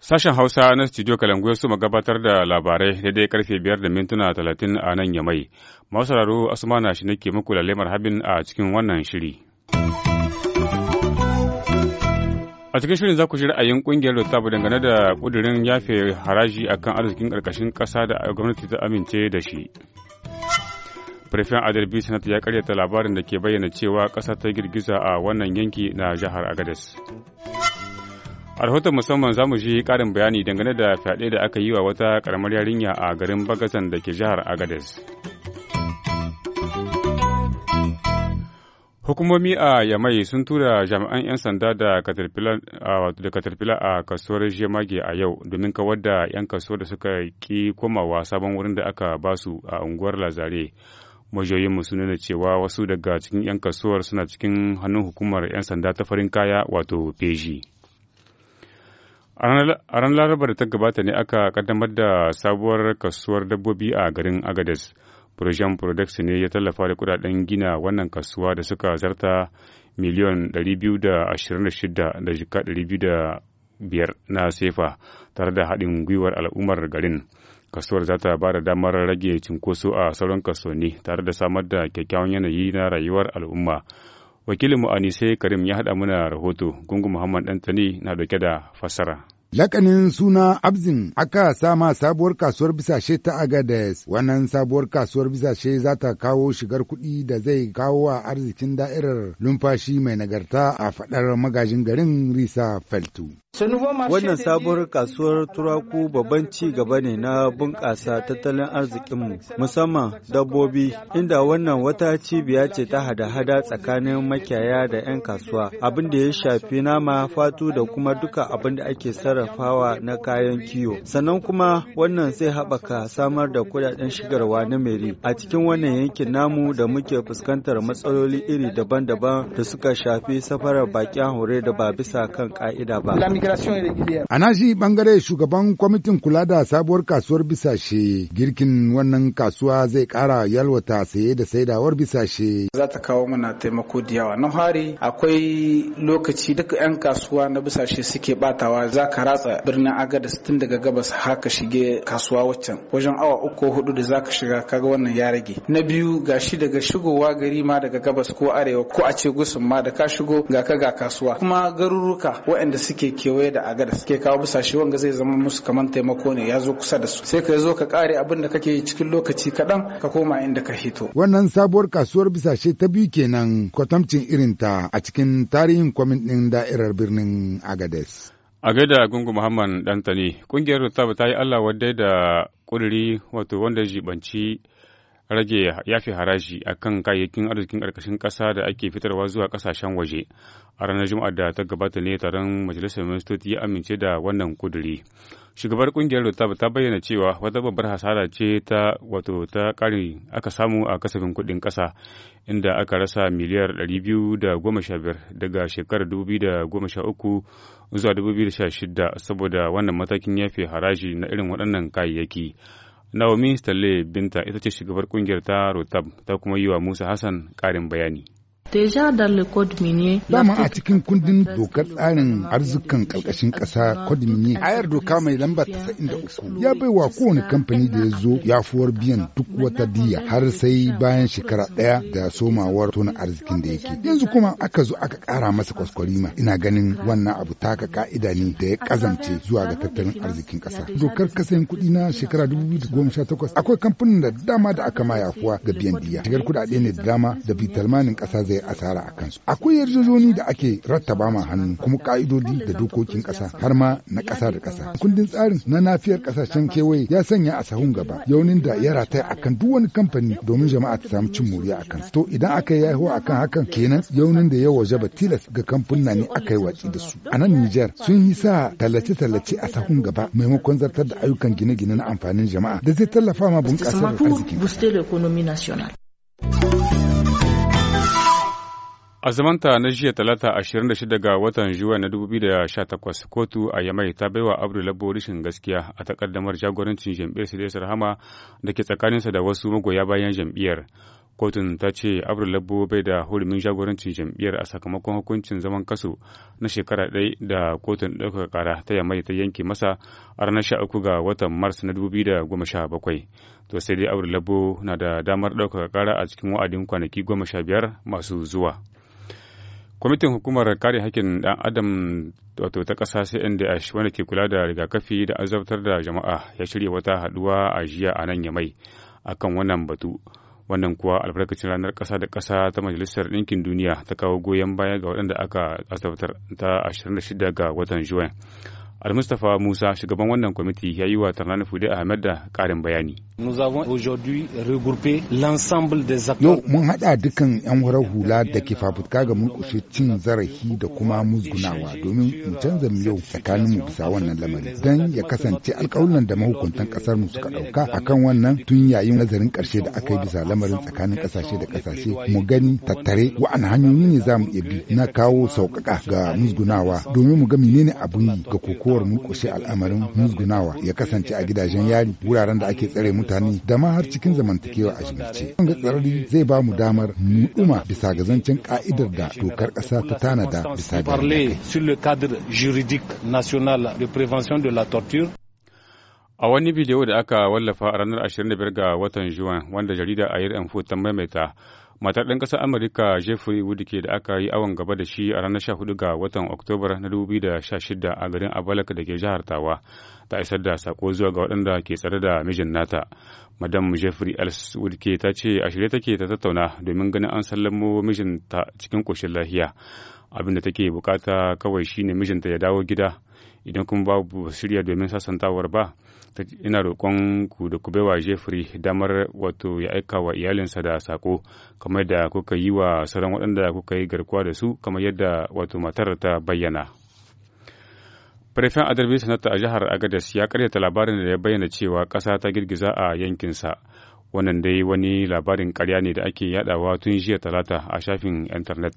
Sashen Hausa na Studio Kalangu ya suma gabatar da labarai daidai karfe biyar da mintuna talatin a nan yamai. Masu sauraro na shi nake muku lalemar habin a cikin wannan shiri. A cikin shirin za ku ji ra'ayin kungiyar Rotabu dangane da kudirin yafe haraji akan arzikin karkashin ƙasa da gwamnati ta amince da shi. Firfin Adarbi Sanata ya karyata labarin da ke bayyana cewa kasa ta girgiza a wannan yanki na jihar Agadez. A rahoton musamman za mu ji ƙarin bayani dangane da fyaɗe da aka yi wa wata karamar yarinya a garin Bagazan da ke jihar Agadez. Hukumomi a Yamai sun tura jami'an 'yan sanda da katarfila a kasuwar Jemage a yau domin kawar da 'yan kasuwar da suka ki komawa sabon wurin da aka basu a unguwar Lazare. Majiyoyinmu sun nuna cewa wasu daga cikin 'yan kasuwar suna cikin hannun hukumar 'yan sanda ta farin kaya wato peji. A ranar larabar da ta gabata ne aka kaddamar da sabuwar kasuwar dabbobi a garin Agadez. Projan Products ne ya tallafa da kudaden gina wannan kasuwa da suka zarta miliyon 226 da jika 205 na sefa tare da haɗin gwiwar al'ummar garin. Kasuwar za ta ba da damar rage cinkoso a sauran kasuwanni tare da samar da kyakkyawan yanayi na rayuwar al'umma. Wakilinmu Anise Karim ya haɗa mana rahoto, Gungun Muhammad Ɗantani na dauke da fassara. Lakanin suna Abzin aka sama sabuwar kasuwar bisashe ta Agades, wannan sabuwar kasuwar bisashe za ta kawo shigar kuɗi da zai kawo wa arzikin da'irar numfashi mai nagarta a faɗar magajin garin Risa Feltu. Wannan sabuwar kasuwar turaku babban ci gaba ne na bunƙasa tattalin arzikinmu, musamman dabbobi, inda wannan wata cibiya ce ta hada-hada tsakanin makiyaya da 'yan kasuwa, abin da ya shafi nama, fatu da kuma duka abin da ake sarrafa sarrafawa na kayan kiwo. Sannan kuma wannan zai haɓaka samar da kudaden shigarwa na meri a cikin wannan yankin namu da muke fuskantar matsaloli iri daban-daban da suka shafi safarar bakin hure da ba bisa kan ka'ida ba. A nashi bangare shugaban kwamitin kula da sabuwar kasuwar bisashe girkin wannan kasuwa zai kara yalwata saye da saidawar bisashe. Za ta kawo mana taimako da yawa. Na hari akwai lokaci duka 'yan kasuwa na bisashe suke batawa za ka ratsa birnin agada tun daga gabas haka shige kasuwa waccan wajen awa uku hudu da zaka shiga kaga wannan ya rage na biyu gashi daga shigowa gari ma daga gabas ko arewa ko a ce gusun ma da ka shigo ga ka ga kasuwa kuma garuruka waɗanda suke kewaye da agada ke kawo shi wanga zai zama musu kaman taimako ne ya zo kusa da su sai ka zo ka kare abin da kake cikin lokaci kaɗan ka koma inda ka hito wannan sabuwar kasuwar bisashe ta biyu kenan kwatamcin irinta a cikin tarihin kwamitin ɗin da'irar birnin agades A gaida gungu Muhammad Dantani, ƙungiyar Rusab ta yi Allah wadai da ƙuduri wato wanda jibanci rage yafi haraji a kan kayayyakin arzikin ƙarƙashin ƙasa da ake fitarwa zuwa ƙasashen waje a ranar juma'a da ta gabata ne taron majalisar ministoci ya amince da wannan kuduri shugabar kungiyar rotab ta bayyana cewa wata babbar hasara ce ta wato ta ƙarin aka samu a kasafin kuɗin ƙasa inda aka rasa miliyar 215 daga shekarar 2013 zuwa 2016 saboda wannan matakin yafi haraji na irin waɗannan kayayyaki Naomi Stanley Binta ita ce shugabar kungiyar ta Rotab ta kuma yi wa Musa Hassan karin bayani. le code Dama a cikin kundin dokar tsarin arzikan ƙarƙashin ƙasa minier. ayar doka mai lamba da uku. ya bai wa kowane kamfani da ya zo yafuwar biyan duk wata diya har sai bayan shekara ɗaya da somawar tona arzikin da yake. Yanzu kuma aka zo aka ƙara masa kwaskwarima ina ganin wannan abu taka ka'ida ne da ya kazance zuwa ga tattalin arzikin ƙasa. Dokar kasayin kuɗi na shekara 2018 akwai kamfanin da dama da aka ma yafuwa ga biyan diya. Shigar kuɗaɗe ne da dama da bitalmanin ƙasa zai asara a kansu akwai yarjejoni da ake rattaba ma hannu kuma ka'idodi da dokokin ƙasa har ma na kasa da ƙasa kundin tsarin na nafiyar kasashen kewaye ya sanya a sahun gaba yaunin da ya rataya akan duk wani kamfani domin jama'a ta samu cin moriya a kansu to idan aka yi yahuwa akan hakan kenan yaunin da ya ba tilas ga kamfuna ne aka yi watsi da su a nan Nijar sun yi sa tallace-tallace a sahun gaba maimakon zartar da ayyukan gine-gine na amfanin jama'a da zai tallafa ma bunƙasar arzikin. A zamanta na jiya talata 26 ga watan Juwa na 2018 kotu a Yamai ta baiwa labo rishin gaskiya a takaddamar jagorancin jam'iyyar Siriyar Rahama da ke tsakaninsa da wasu magoya bayan jam'iyyar. Kotun ta ce Abdullabo bai da hurumin jagorancin jam'iyyar a sakamakon hukuncin zaman kasu na shekara ɗaya da kotun ɗaukaka kara ta Yamai ta yanke masa a ranar 13 ga watan Mars na 2017. To sai dai Abdullabo na da damar ɗaukaka kara a cikin wa'adin kwanaki biyar masu zuwa. kwamitin hukumar kare hakkin ɗan adam wato ta ƙasa cndh wanda ke kula da rigakafi da azabtar da jama'a ya shirya wata haɗuwa a jiya a nan yamai akan wannan batu wannan kuwa albarkacin ranar ƙasa da ƙasa ta majalisar ɗinkin duniya ta kawo goyon baya ga waɗanda aka azabtar ta 26 ga watan juwan mustafa musa shugaban wannan kwamiti ya yi wa tarnani fude ahmed da ƙarin bayani Yau mun haɗa dukan 'yan warar hula da ke fafutka ga murƙushe cin zarafi da kuma musgunawa domin mu canza yau tsakanin mu bisa wannan lamari don ya kasance alƙawuran da mahukuntan ƙasar mu suka ɗauka akan wannan tun yayin nazarin ƙarshe da aka yi bisa lamarin tsakanin ƙasashe da ƙasashe mu gani tattare wa'ana hanyoyi ne za mu iya bi na kawo sauƙaƙa ga musgunawa domin mu ga menene abun yi ga kokowar murƙushe al'amarin musgunawa ya kasance a gidajen yari wuraren da ake tsare mu mutane da ma har cikin zamantakewa a shigarce. Wanga tsarari zai ba mu damar mu bisa ga zancen ka'idar da dokar ƙasa ta tana tanada bisa ga. A wani bidiyo da aka wallafa a ranar 25 ga watan Juwan wanda jarida Ayir Info ta maimaita, matar ɗan ƙasar Amurka Jeffrey Wood ke da aka yi awon gaba da shi a ranar 14 ga watan Oktobar na 2016 a garin Abalak da ke jihar Tawa ta isar da sako zuwa ga waɗanda ke tsare da mijin nata. Madam Jeffrey Els Wood ta ce a shirye take ta tattauna domin ganin an sallamo mijinta cikin ƙoshin lahiya. Abin da take bukata kawai shine mijinta ya dawo gida idan kuma babu shirya domin sasantawar ba. ina roƙon ku da ku baiwa Jeffrey damar wato ya aika wa iyalinsa da sako kamar da kuka yi wa sauran waɗanda kuka yi garkuwa da su kamar yadda wato matar ta bayyana. Firifin Adarbi Sanata a jihar Agadas ya karyata labarin da ya bayyana cewa ƙasa ta girgiza a yankinsa. Wannan dai wani labarin karya ne da ake yadawa tun jiya talata a shafin intanet.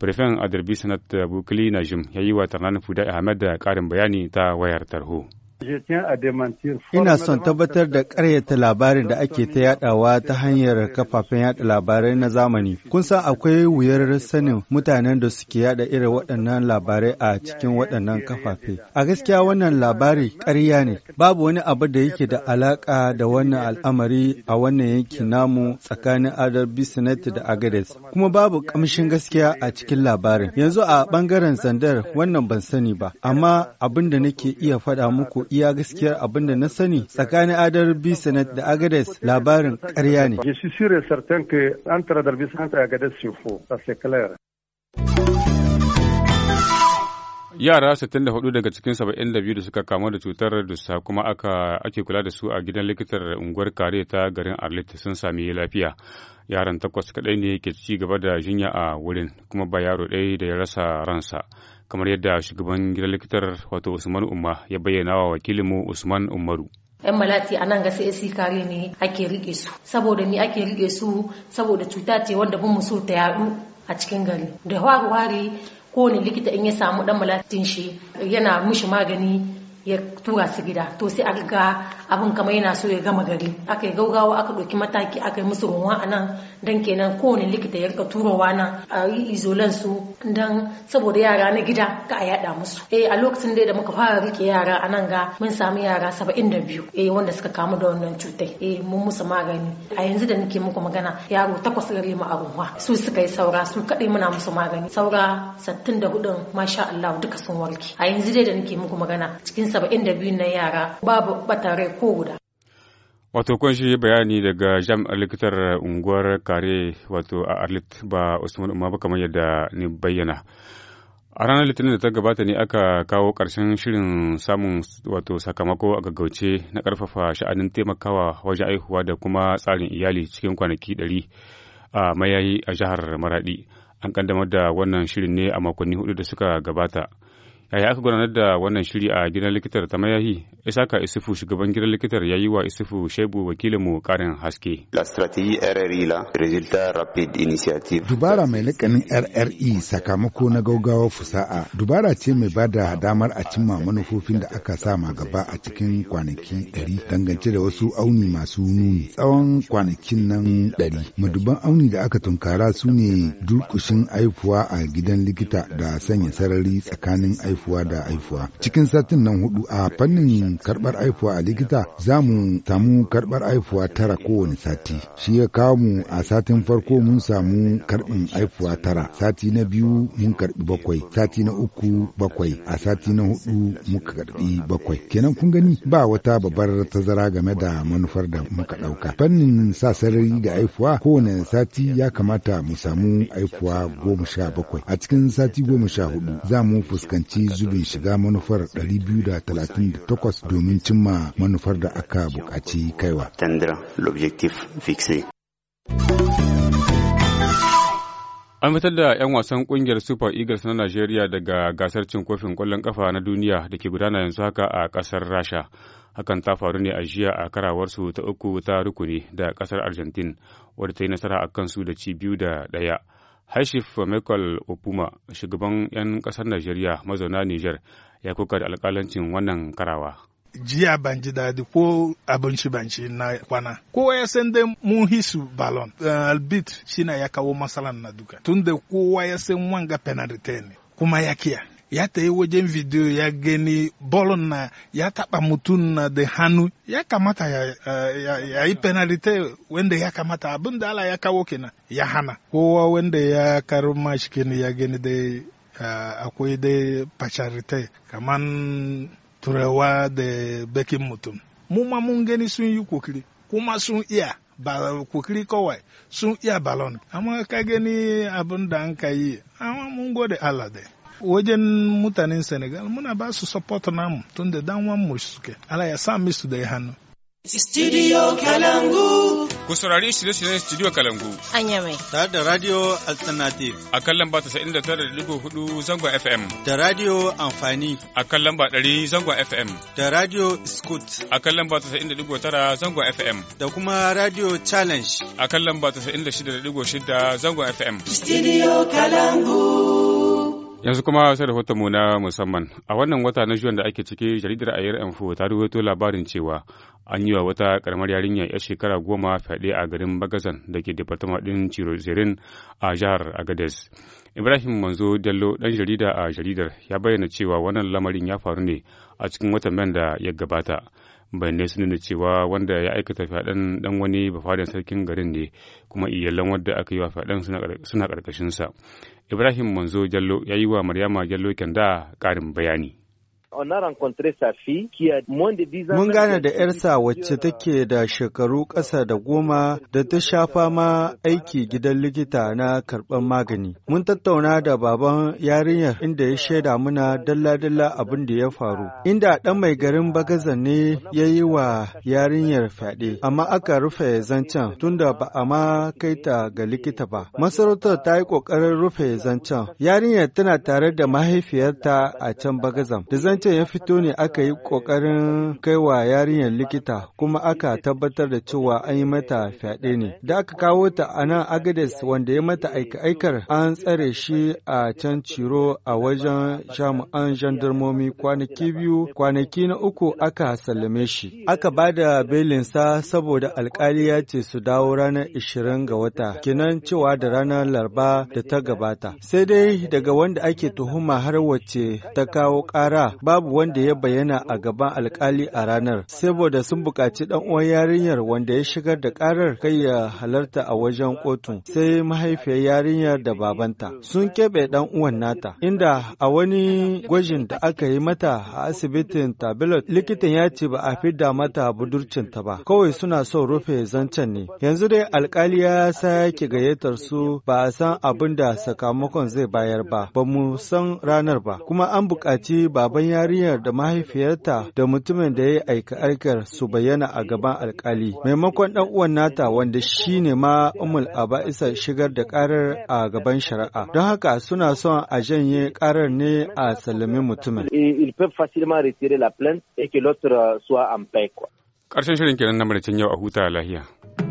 Firifin Adarbi Sanata Bukili Najim ya yi wa Tarnan Fuda Ahmed da karin bayani ta wayar tarho. Ina son tabbatar da ƙaryata labarin da ake ta yadawa ta hanyar kafafen yada labarai na zamani. Kun san akwai wuyar sanin mutanen da suke yada irin waɗannan labarai a cikin waɗannan kafafe. A gaskiya wannan labari ƙarya ne. Babu wani abu da yake da alaƙa da wannan al'amari a wannan yanki namu tsakanin Adar Bisnet da Agades. Kuma babu ƙamshin gaskiya a cikin labarin. Yanzu a ɓangaren sandar wannan ban sani ba, amma abin da nake iya faɗa muku iya gaskiya abin da na sani tsakanin adar bisanet da agades labarin karya ne. Yara 64 daga cikin 72 da suka kamu da cutar dusa kuma aka ake kula da su a gidan likitar unguwar kare ta garin arlita sun sami lafiya. Yaran takwas kaɗai ne ke ci gaba da jinya a wurin kuma ba yaro ɗaya da ya rasa ransa. kamar yadda shugaban gidan likitar wato Usman Umma ya bayyana wa wakilinmu Usman Umaru. 'yan malati a nan ga sai kare ne ake rike su saboda ni ake rike su saboda cuta ce wanda bin so ta yadu a cikin gari da wari-wari kowane likita in ya samu dan malatin shi yana mushi magani ya tura su gida to sai aka ga abin kama yana so ya gama gari aka yi gaugawa aka ɗauki mataki aka yi musu ruwa a nan dan kenan kowane likita ya rika turowa nan a yi izolan su saboda yara na gida ka a yada musu eh a lokacin dai da muka fara rike yara a nan ga mun samu yara saba'in da biyu. eh wanda suka kamu da wannan cutar eh mun musu magani a yanzu da nake muku magana yaro takwas gare mu a ruwa su suka yi saura su kadai muna musu magani saura da sattin hudun masha Allah duka sun warke a yanzu dai da nake muku magana cikin 72 na yara babu batare ko guda. Wato kun shi bayani daga jami'ar likitar unguwar kare wato a Arlit ba Usman Umar ba kamar yadda ni bayyana. A ranar Litinin da ta gabata ne aka kawo ƙarshen shirin samun wato sakamako a gaggauce na karfafa sha'anin taimakawa wajen aihuwa da kuma tsarin iyali cikin kwanaki ɗari a mayayi a jihar Maraɗi. An ƙaddamar da wannan shirin ne a makonni hudu da suka gabata. yaya aka gudanar da wannan shiri a gidan likitar ta mayahi isaka isufu shugaban gidan likitar ya yi wa isufu shaibu wakilinmu karin haske la strategy rri la result rapid initiative dubara mai likanin rri sakamako na gaugawa fusa'a dubara ce mai ba da damar a cimma manufofin da aka sama gaba a cikin kwanaki 100 dangance da wasu auni masu nuni tsawon kwanakin nan 100 maduban auni da aka tunkara su ne durkushin aifuwa a gidan likita da sanya sarari tsakanin aifuwa haifuwa da haifuwa Cikin satin nan hudu a fannin karbar aifuwa a likita za mu samu karɓar aifuwa tara kowane sati. Shi ya kawo mu a satin farko mun samu karbin aifuwa tara, sati na biyu mun karɓi bakwai, sati na uku bakwai, a sati na hudu muka karɓi bakwai. Kenan kun gani ba wata babbar tazara game da manufar da muka dauka Fannin sa sarari da haifuwa kowane sati ya kamata mu samu aifuwa goma sha bakwai. A cikin sati goma sha hudu za mu fuskanci wani zubin shiga manufar 238 domin cimma manufar da aka buƙaci kaiwa. An fitar da 'yan wasan kungiyar Super Eagles na Najeriya daga gasar cin kofin kwallon kafa na duniya da ke gudana yanzu haka a kasar Rasha. Hakan ta faru ne a jiya a karawarsu ta uku ta rukuni da kasar Argentine, wadda ta yi nasara a kansu da ci biyu da ɗaya. Haishif Michael Opuma, shugaban 'yan ƙasar Najeriya mazauna Nijar, ya kuka da alƙalancin wannan karawa. jiya ban ji daɗi ko abinci ban ci na kwana. Kowa ya san dai mun hisu balon. Eh, Albit shi na ya kawo matsalan na duka. Tunda kowa ya san wanga penalty ne kuma ya kiya. ya ta wajen video ya geni bolon na ya taba mutum na da hannu ya kamata ya, ya, ya yi penalite wanda ya kamata abin da ala ya kawo kenan ya hana kowa wanda ya karu mashi kenan ya gani dai uh, akwai dai pacharite kaman turewa da bakin mutum mu ma mun gani sun yi kokiri kuma sun iya ba kokiri kawai sun iya balon amma ka gani abin da an ka yi amma mun gode Allah dai wajen mutanen Senegal muna ba su support namu tun da dan wan mu suke. Ala ya sa su da hannu. Studio Kalangu. Ku saurari shirye-shiryen Studio Kalangu. Anya mai. Tare da Radio Alternative. A kan lamba hudu zangon FM. Da Radio Amfani. A kan lamba 100 zangon FM. Da Radio Scoot. A kan lamba tara zangon FM. Da kuma Radio Challenge. A kan lamba 96.6 zangon FM. Studio Kalangu. Yanzu kuma sai rahoton mu na musamman. A wannan wata na juwan da ake ciki jaridar Ayar amfu ta rubuto labarin cewa an yi wa wata karamar yarinya yar shekara goma fyaɗe a garin Bagazan da ke departama ɗin Cirozerin a jihar agades Ibrahim Manzo Dello ɗan jarida a jaridar ya bayyana cewa wannan lamarin ya faru ne a cikin watan da ya gabata. bayanai su nuna cewa wanda ya aikata fyaɗen dan wani bafadan sarkin garin ne kuma iyalan wadda aka yi wa fyaɗen suna ƙarƙashinsa ibrahim manzo jallo ya yi wa maryama jallo da ƙarin bayani Mun gane da ‘yarsa wacce take da shekaru ƙasa da goma da ta sha fama aiki gidan likita na karɓar magani. Mun tattauna da baban yarinyar inda ya shaida muna dalla-dalla abin da ya faru. Inda ɗan mai garin Bagaza ne ya yi wa yarinyar fyaɗe, amma aka rufe zancen tunda ba a ma kai ta ga likita ba. Masarautar ta yi ƙoƙarin rufe zancen. Yarinyar tana tare da mahaifiyarta a can bagazan Da Baccin ya fito ne aka yi ƙoƙarin kaiwa yarinyar likita kuma aka tabbatar da cewa an yi mata fyaɗe ne. Da aka kawo ta a nan Agades wanda ya mata aika-aikar an tsare shi a can Ciro a wajen jami'an jandarmomi kwanaki biyu kwanaki na uku aka sallame shi. Aka ba da belinsa saboda alkali ya ce su dawo ranar ishirin ga wata kinan cewa da ranar laraba da ta gabata. Sai dai daga wanda ake tuhuma har wacce ta kawo ƙara ba babu wanda ya bayyana a gaban alkali a ranar, saboda sun buƙaci ɗan uwan yarinyar wanda ya shigar da ƙarar kai ya halarta a wajen kotu sai mahaifiyar yarinyar da babanta. Sun keɓe ɗan uwan nata, inda a wani gwajin da aka yi mata a asibitin Tabilot, likitan ya ce ba a fidda mata budurcin ta ba, kawai suna so rufe zancen ne. Yanzu dai alkali ya sake gayyatar su ba a san abin da sakamakon zai bayar ba, ba mu san ranar ba, kuma an buƙaci baban yarinyar da mahaifiyarta da mutumin da ya yi aika-aikar su bayyana a gaban alkali maimakon ɗan uwan nata wanda shi ne ma umul aba'isa shigar da karar a gaban shari'a don haka suna son a janye karar ne a salamin mutumin ƙarshen shirin kenan na maricin yau a huta lahiya